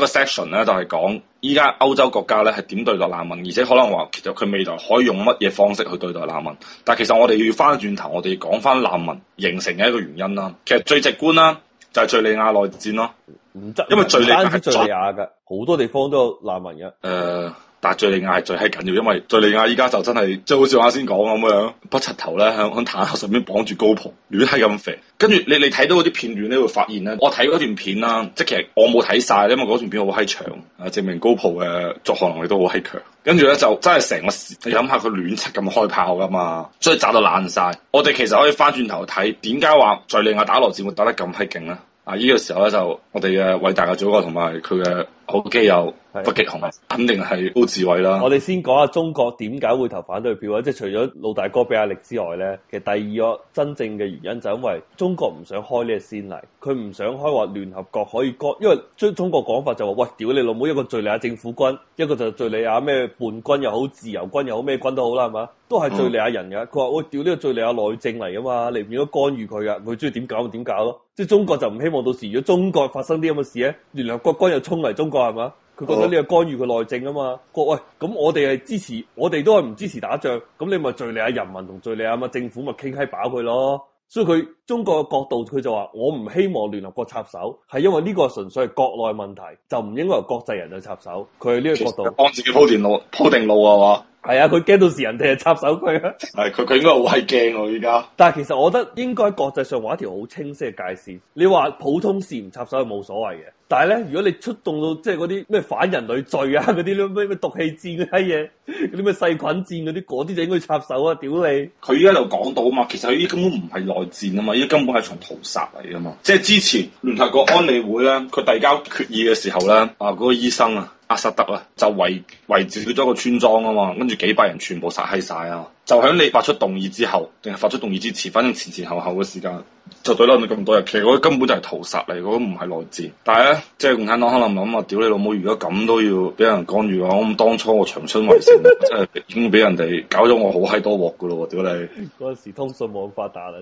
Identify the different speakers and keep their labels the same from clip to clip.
Speaker 1: 個 section 咧，就係講依家歐洲國家咧，係點對待難民，而且可能話其實佢未來可以用乜嘢方式去對待難民。但係其實我哋要翻轉頭，我哋要講翻難民形成嘅一個原因啦。其實最直觀啦就係、是、敘利亞內戰咯，不因為敘利亞係敘利亞
Speaker 2: 嘅，好多地方都有難民嘅。
Speaker 1: 誒、呃。但係敍利亞最係緊要，因為敍利亞依家就真係，即係好似我啱先講咁樣，不插頭咧，響響坦克上面綁住高普，亂係咁肥。跟住你你睇到嗰啲片段你會發現咧，我睇嗰段片啦，即係其實我冇睇晒，因為嗰段片好閪長。啊，證明高普嘅作戰能力都好閪強。跟住咧就真係成個，你諗下佢亂七咁開炮噶嘛，所以炸到爛晒。我哋其實可以翻轉頭睇，點解話敍利亞打羅戰會打得咁閪勁咧？啊，依個時候咧就我哋嘅偉大嘅祖國同埋佢嘅。好基友，的北極熊啊，肯定係高智慧啦。我哋
Speaker 2: 先講下中國點解會投反對票啊？即係除咗老大哥俾壓力之外咧，其實第二個真正嘅原因就因為中國唔想開呢個先例，佢唔想開話聯合國可以干，因為中中國講法就話喂，屌你老母一個敘利亞政府軍，一個就敘利亞咩叛軍又好，自由軍又好，好，咩軍都好啦，係嘛，都係敘利亞人嘅。佢話我屌呢個敘利亞內政嚟噶嘛，你唔應該干預佢噶，佢中意點搞，搞就點搞咯。即係中國就唔希望到時如果中國發生啲咁嘅事咧，聯合國軍又衝嚟中國。係嘛？佢覺得你係干預佢內政啊嘛？喂，咁我哋係支持，我哋都係唔支持打仗。咁你咪敍利亞人民同敍利亞嘛政府咪傾喺擺佢咯？所以佢中國嘅角度，佢就話：我唔希望聯合國插手，係因為呢個純粹係國內問題，就唔應該由國際人去插手。佢係呢個角度，幫自己鋪定路，鋪定路啊嘛！係啊，佢驚到時人哋係插手佢！啊！係佢佢應該好係驚咯，依家。但係其實我覺得應該國際上畫一條好清晰嘅界線。你話普通事唔插手係冇所謂嘅，但係呢，如果你出動到即係嗰啲咩反人類罪啊，嗰啲咩毒氣戰嗰啲嘢。嗰啲咩細菌戰嗰啲、嗰啲就應該插手啊！屌你！
Speaker 1: 佢依家就講到啊嘛，其實佢依根本唔係內戰啊嘛，依家根本係從屠殺嚟啊嘛。即係之前聯合國安理會咧，佢遞交決議嘅時候咧，啊嗰個醫生啊阿薩德，啊就圍圍剿咗個村莊啊嘛，跟住幾百人全部殺喺晒啊！就喺你發出動議之後，定係發出動議之前，反正前前後後嘅時間就懟咗你咁多日。其實我根本就係屠殺嚟，我唔係內戰。但係咧，即係共產黨可能諗啊，屌你老母，如果咁都要俾人干預嘅，咁當初我長春圍城，即係已經俾人哋搞咗我好閪多鑊噶咯。屌你！
Speaker 2: 嗰陣 時通訊冇咁發達
Speaker 1: 啦。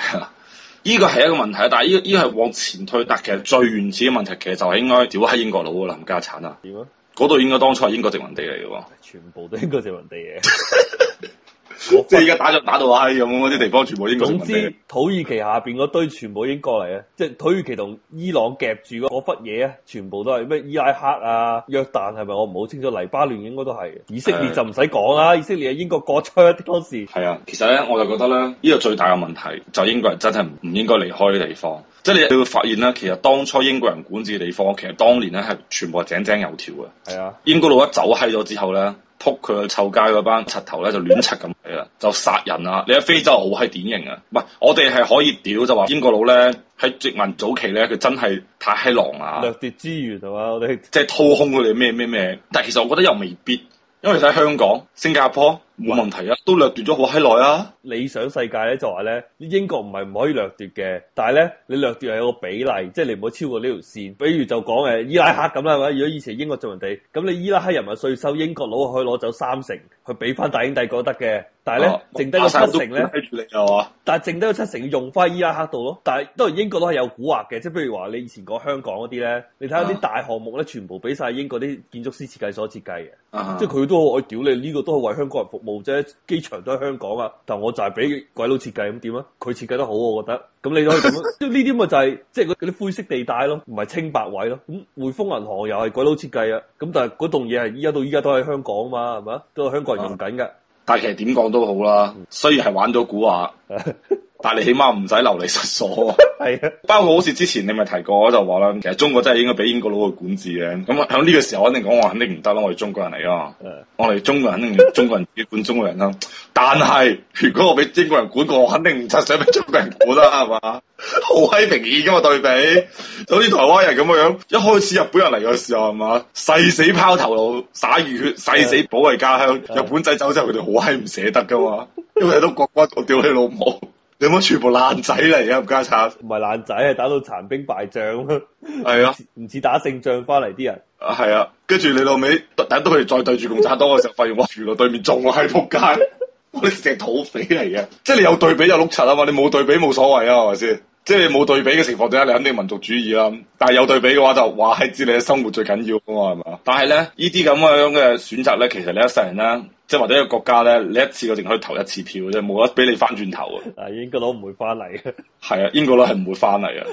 Speaker 1: 係啊，依個係一個問題，但係依依係往前推，但其實最原始嘅問題，其實就係應該屌喺英國佬嘅林家產啊。嗰度樣應該當初係英國殖民地嚟嘅，
Speaker 2: 全部都英國
Speaker 1: 殖民地嘅。 即係而家打就打到閪咁，嗰啲地方全部英國。總之
Speaker 2: 土耳其下邊嗰堆全部已經過嚟啊！即係土耳其同伊朗夾住嗰嗰忽嘢啊，全部都係咩伊拉克啊、約旦係咪？是是我唔好清楚。黎巴嫩應該都係。以色列就唔使講啦，的以色列係英國割出一啲多事。係啊，其實咧，我就覺得咧，呢、
Speaker 1: 這個最大嘅問題就是、英國人真係唔唔應該離開嘅地方。即、就、係、是、你你會發現咧，其實當初英國人管治嘅地方，其實當年咧係全部係井井有條嘅。係啊的，英國佬一走閪咗之後咧。捉佢去臭街嗰班柒頭咧就亂柒咁嚟啦，就殺人啦、啊！你喺非洲好係典型啊，唔係我哋係可以屌就話英國佬咧喺殖民早期咧佢真係太閪狼啦、啊，掠奪之餘就話，我哋即係掏空佢哋咩咩咩，但係其實我覺得又未必，因為睇香港、新加坡。冇問題啊，都掠奪咗好閪耐啊！理想世界咧就話咧，
Speaker 2: 英國唔係唔可以掠奪嘅，但係咧你掠奪係有個比例，即係你唔好超過呢條線。比如就講誒伊拉克咁啦，係咪？如果以前英國做人哋咁你伊拉克人民稅收，英國佬可以攞走三成，去俾翻大英帝國得嘅。但係咧，哦、剩低個七成咧，但係剩低個七成要用翻依家黑度咯。但係當然英國都係有古惑嘅，即係譬如話你以前講香港嗰啲咧，你睇下啲大項目咧，全部俾晒英國啲建築師設計所設計嘅，啊、即係佢都好愛屌你呢、呢個都係為香港人服務啫。機場都係香港啊，但我就係俾鬼佬設計咁點啊？佢設計得好，我覺得咁你可以咁樣。 即係呢啲咪就係、是、即係嗰啲灰色地帶咯，唔係清白位咯。咁匯豐銀行又係鬼佬設計啊，咁但係嗰棟嘢係依家到依家都喺香港啊嘛，係咪啊？
Speaker 1: 都係香港人用緊㗎。啊但其實點講都好啦，雖然係玩咗蠱惑。 但係你起碼唔使流離失所 啊，
Speaker 2: 係
Speaker 1: 啊，包括好似之前你咪提過，就話啦，其實中國真係應該俾英國佬去管治嘅。咁喺呢個時候我，我肯定講話肯定唔得啦，我哋中國人嚟啊， 我哋中國人肯定中國人要管中國人啦。但係如果我俾英國人管過，我肯定唔得，想俾中國人管啦，係嘛？好閪明顯咁嘛。對比，就好似台灣人咁嘅樣，一開始日本人嚟嘅時候係嘛，誓死拋頭顱灑熱血，誓死保衛家鄉。日本仔走之後，佢哋好閪唔捨得噶嘛，因為都割骨，我屌你老。哦、你點解全部爛仔嚟啊？冚家鏟，
Speaker 2: 唔係爛仔啊，打到殘兵敗將咯，係啊，唔似打勝仗翻嚟啲人，係啊，
Speaker 1: 跟住你老尾等到佢哋再對住共產黨嘅時候，發現我原來對面仲係仆街，我哋成土匪嚟嘅，即係你有對比就碌柒啊嘛，你冇對比冇所謂啊，係咪先？即係冇對比嘅情況底下，你肯定民族主義啦。但係有對比嘅話就，就話係知你嘅生活最緊要噶嘛，係嘛？但係咧，這這樣呢啲咁嘅樣嘅選擇咧，其實咧，你一世人啦，即係或者一個國家咧，你一次我淨可以投一次票嘅啫，冇得俾你翻轉頭啊！啊，英國佬唔會翻嚟嘅，係啊，英國佬係唔會翻嚟啊。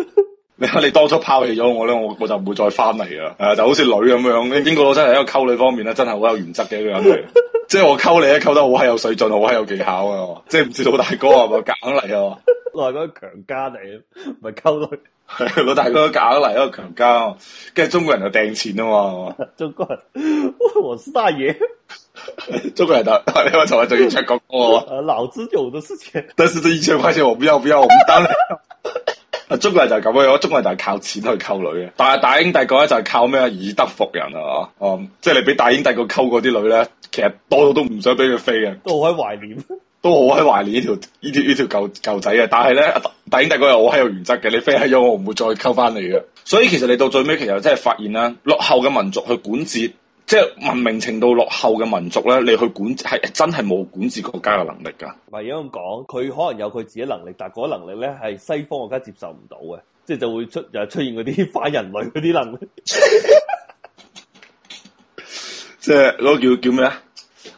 Speaker 1: 你睇當初拋棄咗我咧，我我就唔會再翻嚟啊！誒，就好似女咁樣，英國佬真係一個溝女方面咧，真係好有原則嘅一個人嚟，就是。 即係我溝你啊，溝得好係有水準，好係有技巧啊！即係唔知老大哥係咪夾硬嚟啊嘛，
Speaker 2: 是是 我係嗰個強姦你，唔係溝女。
Speaker 1: 老大哥夾硬嚟，一個強姦。跟住中國人就掟錢啊嘛，中國人，我是大爺。 中國人就你話就要出國哦。老子有的事情，但是這一千塊錢我不要，不要，我唔得。啊，中國人就係咁樣樣，中國人就係靠錢去溝女嘅。但係大英帝國咧就係靠咩？以德服人啊！哦、嗯，即係你俾大英帝國溝過啲女咧，其實多到都唔想俾佢飛嘅。
Speaker 2: 都好喺懷念，
Speaker 1: 都好喺懷念呢條呢條呢條舊舊仔嘅。但係咧，大英帝國又好喺有原則嘅，你飛喺咗我唔會再溝翻你嘅。所以其實你到最尾其實真係發現啦，落後嘅民族去管治，即係文明程度落後嘅民族咧，你去管係真係冇管治國家嘅能力噶。
Speaker 2: 唔係，應該講佢可能有佢自己能力，但係嗰能力咧係西方國家接受唔到嘅，即係就會出又出現嗰啲反人類嗰啲能力。 即
Speaker 1: 係嗰、嗰個、叫叫咩啊？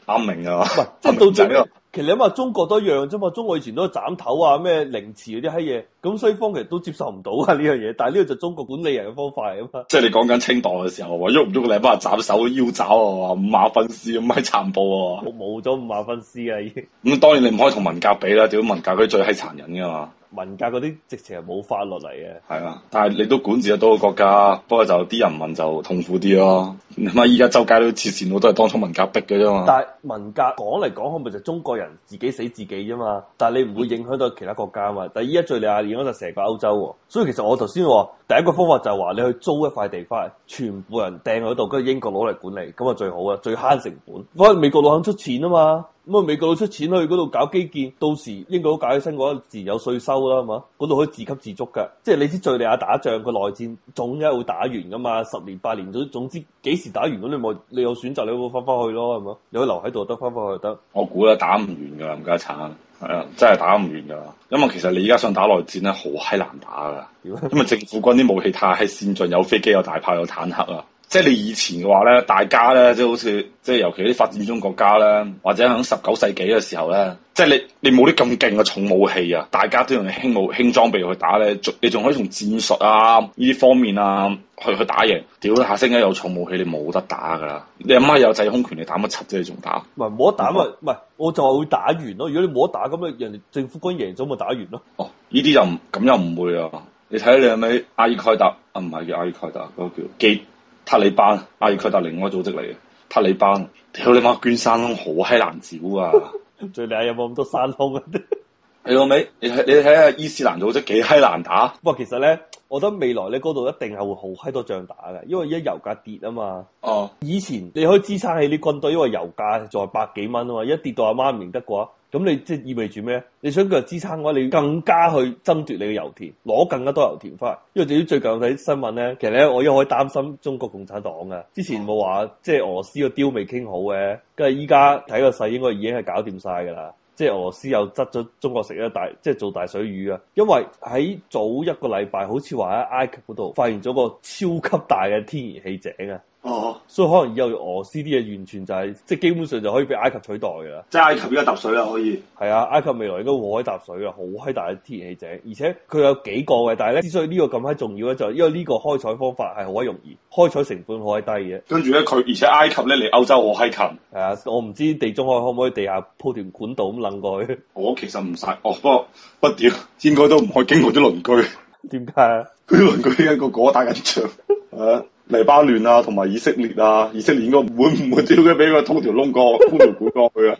Speaker 1: 啱明啊！唔即係到最
Speaker 2: 其實你諗中國都一樣啫嘛。中國以前都斬頭啊，咩凌遲嗰啲閪嘢。咁西方其實都接受唔到啊呢樣嘢。但係呢個就中國管理人嘅方法嚟啊嘛。
Speaker 1: 即係你講緊清代嘅時候，話，喐唔喐個禮拜斬手腰斬啊，五馬分屍咁閪殘暴。啊，冇咗五馬分屍啊！依 咁當然你唔可以同文革比啦。點文革佢最閪殘忍噶
Speaker 2: 嘛。文革嗰啲直情係冇法律嚟嘅，係
Speaker 1: 啊！但係你都管治得多個國家，不過就啲人民就痛苦啲咯。咁啊，依家周街都設線，我都係當初文革逼嘅啫嘛。但
Speaker 2: 係文革講嚟講去，咪就中國人自己死自己啫嘛？但係你唔會影響到其他國家啊嘛。但係依家敍利亞影響到成個歐洲喎，所以其實我頭先話第一個方法就係話你去租一塊地塊，全部人掟喺度，跟住英國佬嚟管理，咁啊最好啊，最慳成本。因為美國佬肯出錢啊嘛。咁啊，美國佬出錢去嗰度搞基建，到時英國佬搞起身嗰陣自然有稅收啦嘛，嗰度可以自給自足嘅。即係你知敍利亞打仗，個內戰總一會打完噶嘛，十年八年總總之幾時打完噉，你咪你有選擇，你會翻返去咯，係咪？你可以留喺度得，翻返去又得。
Speaker 1: 我估啦，打唔完噶冚家鏟，係啊，真係打唔完噶。因為其實你而家想打內戰咧，好閪難打噶。因為政府軍啲武器太閪先進，有飛機有大炮有坦克啊。即係你以前嘅話咧，大家咧即係好似即係，尤其啲發展中國家啦，或者喺十九世紀嘅時候咧，即係你你冇啲咁勁嘅重武器啊，大家都用輕武輕裝備去打咧，你仲可以從戰術啊呢啲方面啊去去打贏。屌下星一有重武器你，你冇得打噶啦！你阿媽有制空權，你打乜柒啫？你仲打？唔係冇得打咪白？唔係
Speaker 2: 我就話會打完咯，哦。如果你冇得打咁啊，人哋政府軍贏咗咪打完咯？哦，
Speaker 1: 呢啲、哦、就唔咁又唔會你你 da, 啊！你睇下你係咪阿爾蓋達啊？唔係叫阿爾蓋達，嗰個叫傑。塔利班，阿葉卡達另外組織嚟嘅。塔利班，屌你媽，捐山窿好閪難找啊！
Speaker 2: 最靚有冇咁多山窿啊 ？
Speaker 1: 你老味，你你睇下伊斯蘭組織幾閪難打。
Speaker 2: 不過其實咧，我覺得未來咧嗰度一定係會好閪多仗打嘅，因為而家油價跌啊嘛。哦、嗯，以前你可以支撐起啲軍隊，因為油價仲係百幾蚊啊嘛。一跌到阿媽唔認得過。咁你即係、就是、意味住咩？你想佢支撐嘅話，你要更加去爭奪你嘅油田，攞更加多油田翻。因為至於最近睇新聞咧，其實咧我一可以擔心中國共產黨啊，之前冇話即係俄羅斯個 deal 未傾好嘅，跟住依家睇個勢應該已經係搞掂晒㗎啦。即、就、係、是、俄羅斯又執咗中國食一大，即、就、係、是、做大水魚啊！因為喺早一個禮拜，好似話喺埃及嗰度發現咗個超級大嘅天然氣井啊！所以可能以後俄 C D 嘅完全就係、是、即係基本上就可以被埃及取代嘅啦。即係埃及而家揼水啦，可以。係啊，埃及未來應該會可以揼水啊，好閪大嘅天然氣者，而且佢有幾個嘅，但係咧之所以呢個咁閪重要咧，就係因為呢個開採方法係好閪容易，開採成本好閪低嘅。跟住
Speaker 1: 咧，佢而且埃及咧嚟歐洲好閪近，係啊，我唔
Speaker 2: 知地中海可唔可以地下鋪條管道咁撚過去。我其實唔識，哦不過不屌，
Speaker 1: 應該都唔可以經過啲鄰居。點解啊？佢啲鄰居依家個個打緊仗，啊。黎巴嫩啊，同埋以色列啊，以色列應該唔會唔會丟佢俾個通條窿過， 通條管過去啊？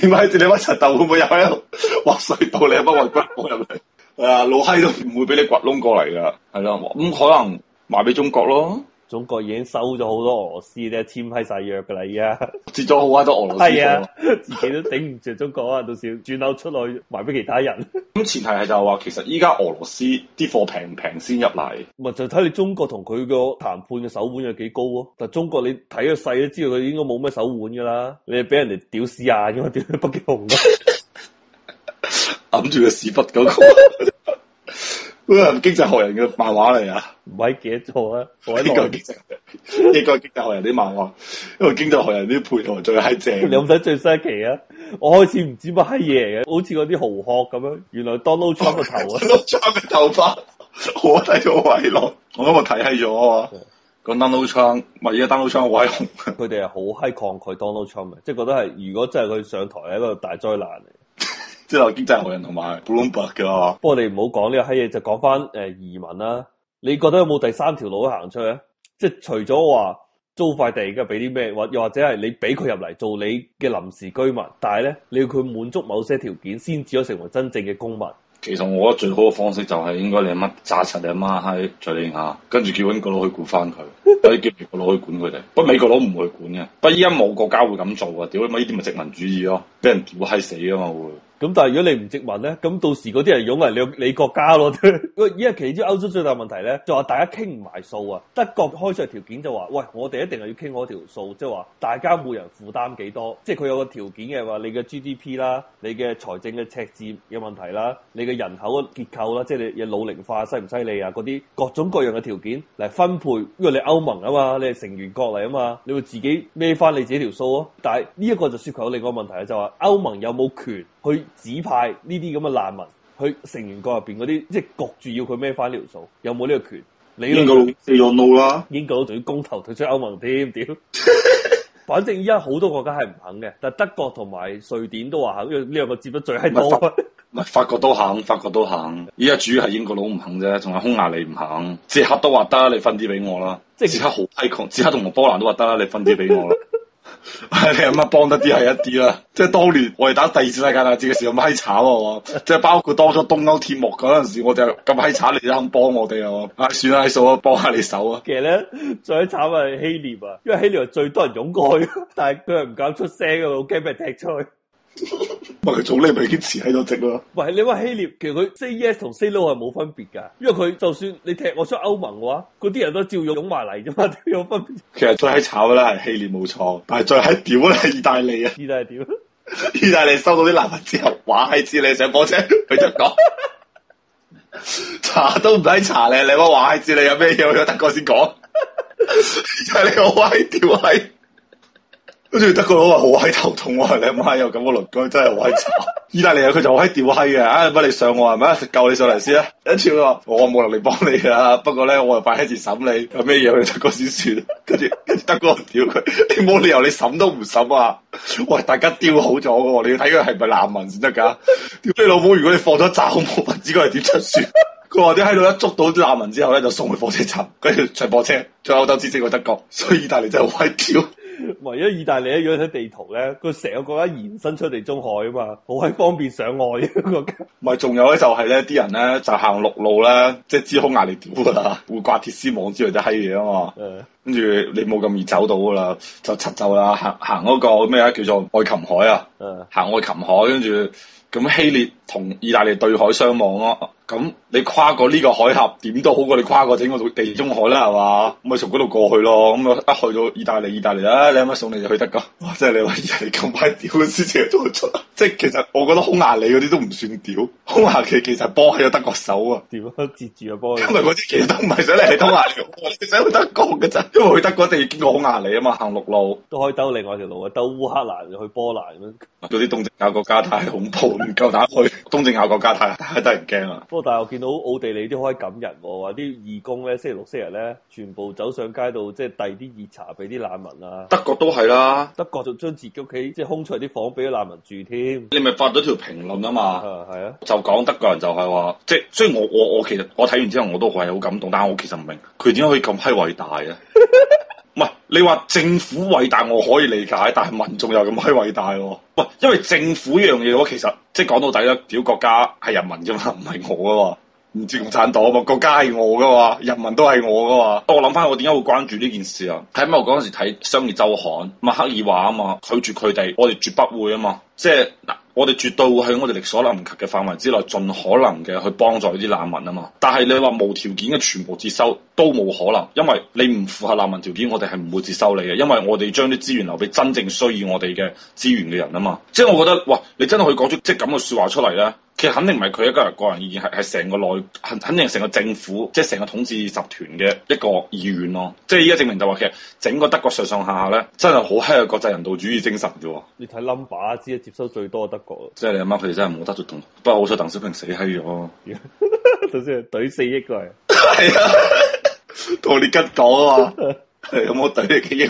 Speaker 1: 點 解你班柒頭會唔會又喺度挖隧道你阿媽咪骨冇入嚟？係 啊，老閪都唔會俾你掘窿過嚟㗎，係咯的？咁、嗯、可能賣俾中國咯。
Speaker 2: 中國已經收咗好多俄羅斯咧，簽批誓約噶啦，而家
Speaker 1: 接咗好啊，多俄羅斯貨，自己都頂唔住，中國啊， 到時轉頭出嚟賣俾其他人。咁 前提係就話，其實依家俄羅斯啲貨平唔平先入嚟？
Speaker 2: 咪就睇你中國同佢個談判嘅手腕有幾高咯。但係中國你睇個勢都知道佢應該冇咩手腕噶啦，你俾人哋屌屎眼，因為屌北京紅嘅？揞住個屎忽嗰個。
Speaker 1: 佢係經濟學人嘅漫畫嚟啊！唔係幾錯啊！一個經濟，一個經濟學人啲漫畫，因為經濟學人啲配套，最閪正。你有
Speaker 2: 冇最新奇啊？我開始唔知乜閪嘢嘅，好似嗰啲豪殼咁樣。原來 Donald Trump
Speaker 1: 嘅頭啊，Donald Trump 嘅頭髮，我睇咗遺落。我今日睇閪咗啊！講 Donald Trump，而家 Donald Trump 遺落，
Speaker 2: 佢哋係好嗨抗拒 Donald Trump 嘅，即係覺得係如果真係佢上台係一個大災難嚟。.即係經濟學人同埋 b l u e b a，不過你唔好講呢個閪嘢，就講翻誒移民啦。你覺得有冇第三條路行出去？即係除咗話租塊地嘅俾啲咩，或又或者係你俾佢入嚟做你嘅臨時居民，但係咧你要佢滿足某些條件，先至可以成為真正嘅公民。
Speaker 1: 其實我覺得最好嘅方式就係，應該你阿媽炸實你阿媽閪敘利亞，跟住叫英國佬去管翻佢，可以 叫英國佬去，去管佢哋。不過，美國佬唔會去管嘅。不過依家冇國家會咁做啊！屌你媽，呢啲咪殖民主義咯，俾人煮閪死啊嘛會。咁但係如果你唔殖民咧，咁到時嗰啲人湧
Speaker 2: 嚟你你國家咯。喂，而家其中歐洲最大問題咧，就話、是、大家傾唔埋數啊！德國開出條件就話：，喂，我哋一定係要傾我條數，即係話大家每人負擔幾多？即係佢有個條件嘅話，你嘅 GDP 啦，你嘅財政嘅赤字有問題啦，你嘅人口嘅結構啦，即係你嘅老齡化犀唔犀利啊？嗰啲各種各樣嘅條件嚟分配，因為你歐盟啊嘛，你係成員國嚟啊嘛，你會自己孭翻你自己條數啊！但係呢一個就涉及到另外一個問題啊，就話、是、歐盟有冇權？去指派呢啲咁嘅難民去成員國入邊嗰啲，即係焗住要佢孭翻呢條數，有冇呢個權？你個英國佬，英國佬啦！英國佬仲要公投退出歐盟添，屌！ 反正依家好多國家係唔肯嘅，但係德國同埋瑞典都話肯，因為呢兩個接得最係多。唔係
Speaker 1: 法, 法國都肯，法國都肯。依家主要係英國佬唔肯啫，仲係匈牙利唔肯。捷克都話得，你分啲俾我啦。捷克好卑窮，捷克同埋波蘭都話得啦，你分啲俾我啦。 你阿乜幫得啲係一啲啦，即係當年我哋打第二次世界大戰嘅時候咁閪慘啊，即係包括當初東歐鐵幕嗰陣時，我哋咁閪慘，你都肯幫我哋啊？啊，算啦數啊，幫下你手啊。其實咧
Speaker 2: 最慘係希臘啊，因為希臘係最多人湧過去，但係佢係唔敢出聲嘅，好驚被人踢出去。
Speaker 1: 唔，佢做呢，咪堅持喺度整咯。
Speaker 2: 唔係你話希臘，其實佢 CES 同 CLO 係冇分別噶因為佢就算你踢我出歐盟嘅話，嗰啲人都照用擁埋嚟噶嘛，都有分別。
Speaker 1: 其實最炒嘅啦，係希臘冇錯，但係最係屌啦，係意大利啊！意大利屌， 意大利收到啲難民之後，玩希獵上火車啫，佢就講查都唔使查你，你話玩希獵有咩嘢？去德國先講，你個歪屌係。跟住德國佬話好閪頭痛，啊，你阿媽有咁嘅鄰居真係好閪慘。 意大利 啊，佢就好閪吊閪嘅，啊乜你上我係咪？救你上嚟先啊！一次佢話我冇能力幫你啦，不過咧我啊擺一次審你，有咩嘢去德國先算。跟住跟住德國屌佢，你冇理由你審都唔審啊！喂， 大家吊好咗嘅，你要睇佢係咪難民先得噶？ 你老母如果你放咗炸，渣，唔知佢係點出船。佢話啲喺度一捉到啲難民之後咧，就送去火車站，跟住上火車，有歐洲直接去德國。所以意大利真係好閪吊。
Speaker 2: 唯一意大利一樣喺地圖咧，佢成個國家延伸出地中海啊嘛，好閪方便上岸嘅國家。
Speaker 1: 唔係，仲有咧就係咧啲人咧就行陸路咧，即係支空壓力吊啊，會掛鐵絲網之類啲閪嘢啊嘛。嗯的，跟住你冇咁易走到噶啦，就出走啦，行行嗰個咩啊，叫做愛琴海啊。嗯的，行愛琴海，跟住咁希臘。同意大利對海相望咯、啊，咁、啊、你跨過呢個海峽點都好過你跨過整個地中海啦，係嘛？咁咪從嗰度過去咯。咁啊一去咗意大利，意大利啊，你有咩送你就去德國噶。即係你話意大利咁快屌嘅事情都出，即係其實我覺得匈牙利嗰啲都唔算屌。匈牙利其實波係有德國手啊，點啊接住個波。因為嗰啲其實唔係想嚟匈牙利，佢想去德國嘅咋。因為去德國一定要經過匈牙利啊嘛，行陸路
Speaker 2: 都可以兜另外一條路啊，兜烏克蘭去波
Speaker 1: 蘭咁、啊、啲東正教國家太恐怖，唔夠膽去。 東正教國家太，太得人驚啦。
Speaker 2: 不過，但係我見到奧地利啲好鬼感人，哦，話啲義工咧星期六、星期日咧，全部走上街度，即係遞啲熱茶俾啲難民啊。德國都係啦，德國就將自己屋企即係空出嚟啲房俾啲難民住添。
Speaker 1: 你咪發咗條評論啊嘛，係啊，啊就講德國人就係話，即係雖然我我我其實我睇完之後我都係好感動，但係我其實唔明佢點解可以咁閪偉大啊。 唔係你話政府偉大我可以理解，但係民眾又咁閪偉大喎、哦。喂，因為政府依樣嘢我其實即係講到底咧，屌國家係人民啫嘛，唔係我噶喎，唔似共產黨啊嘛，國家係我噶嘛，人民都係我噶嘛。我諗翻我點解會關注呢件事啊？睇因為我嗰陣時睇《商業周刊》，默克爾話啊嘛，拒絕佢哋，我哋絕不會啊嘛，即係嗱。我哋絕對會喺我哋力所能及嘅範圍之內，盡可能嘅去幫助呢啲難民啊嘛。但係你話無條件嘅全部接收都冇可能，因為你唔符合難民條件，我哋係唔會接收你嘅。因為我哋將啲資源留俾真正需要我哋嘅資源嘅人啊嘛。即係我覺得，哇！你真係可以講出即係咁嘅説話出嚟咧～其實肯定唔係佢一個人個人意見，係係成個內，肯肯定成個政府，即係成個統治集團嘅一個意願咯。即係依家證明就話，其實整個德國上上下下咧，真係好閪嘅國際人道主義精神啫。
Speaker 2: 你睇 number 知接收最多嘅德國，
Speaker 1: 即係你阿媽佢哋真係冇得做同，不過好彩鄧小平死喺咗，
Speaker 2: 就算係懟四億過嚟。係 啊，
Speaker 1: 同你拮講啊，嘛，有冇懟你幾億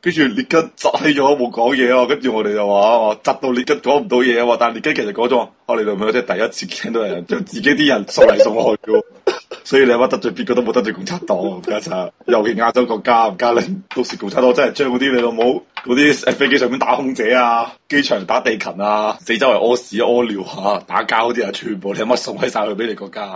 Speaker 1: 跟住列吉窒咗，冇講嘢啊！跟住我哋就話，窒到列吉講唔到嘢啊！但列吉其實講咗，我哋老母真係第一次聽到人將 自己啲人送嚟送去嘅。所以你乜得罪別個都冇得罪共產黨，冚家鏟。尤其亞洲國家，冚家鏟你到時共產黨真係將嗰啲你老母嗰啲飛機上面打空姐啊，機場打地勤啊，四周圍屙屎屙尿啊，打交嗰啲啊，全部你乜送喺晒去俾你國家。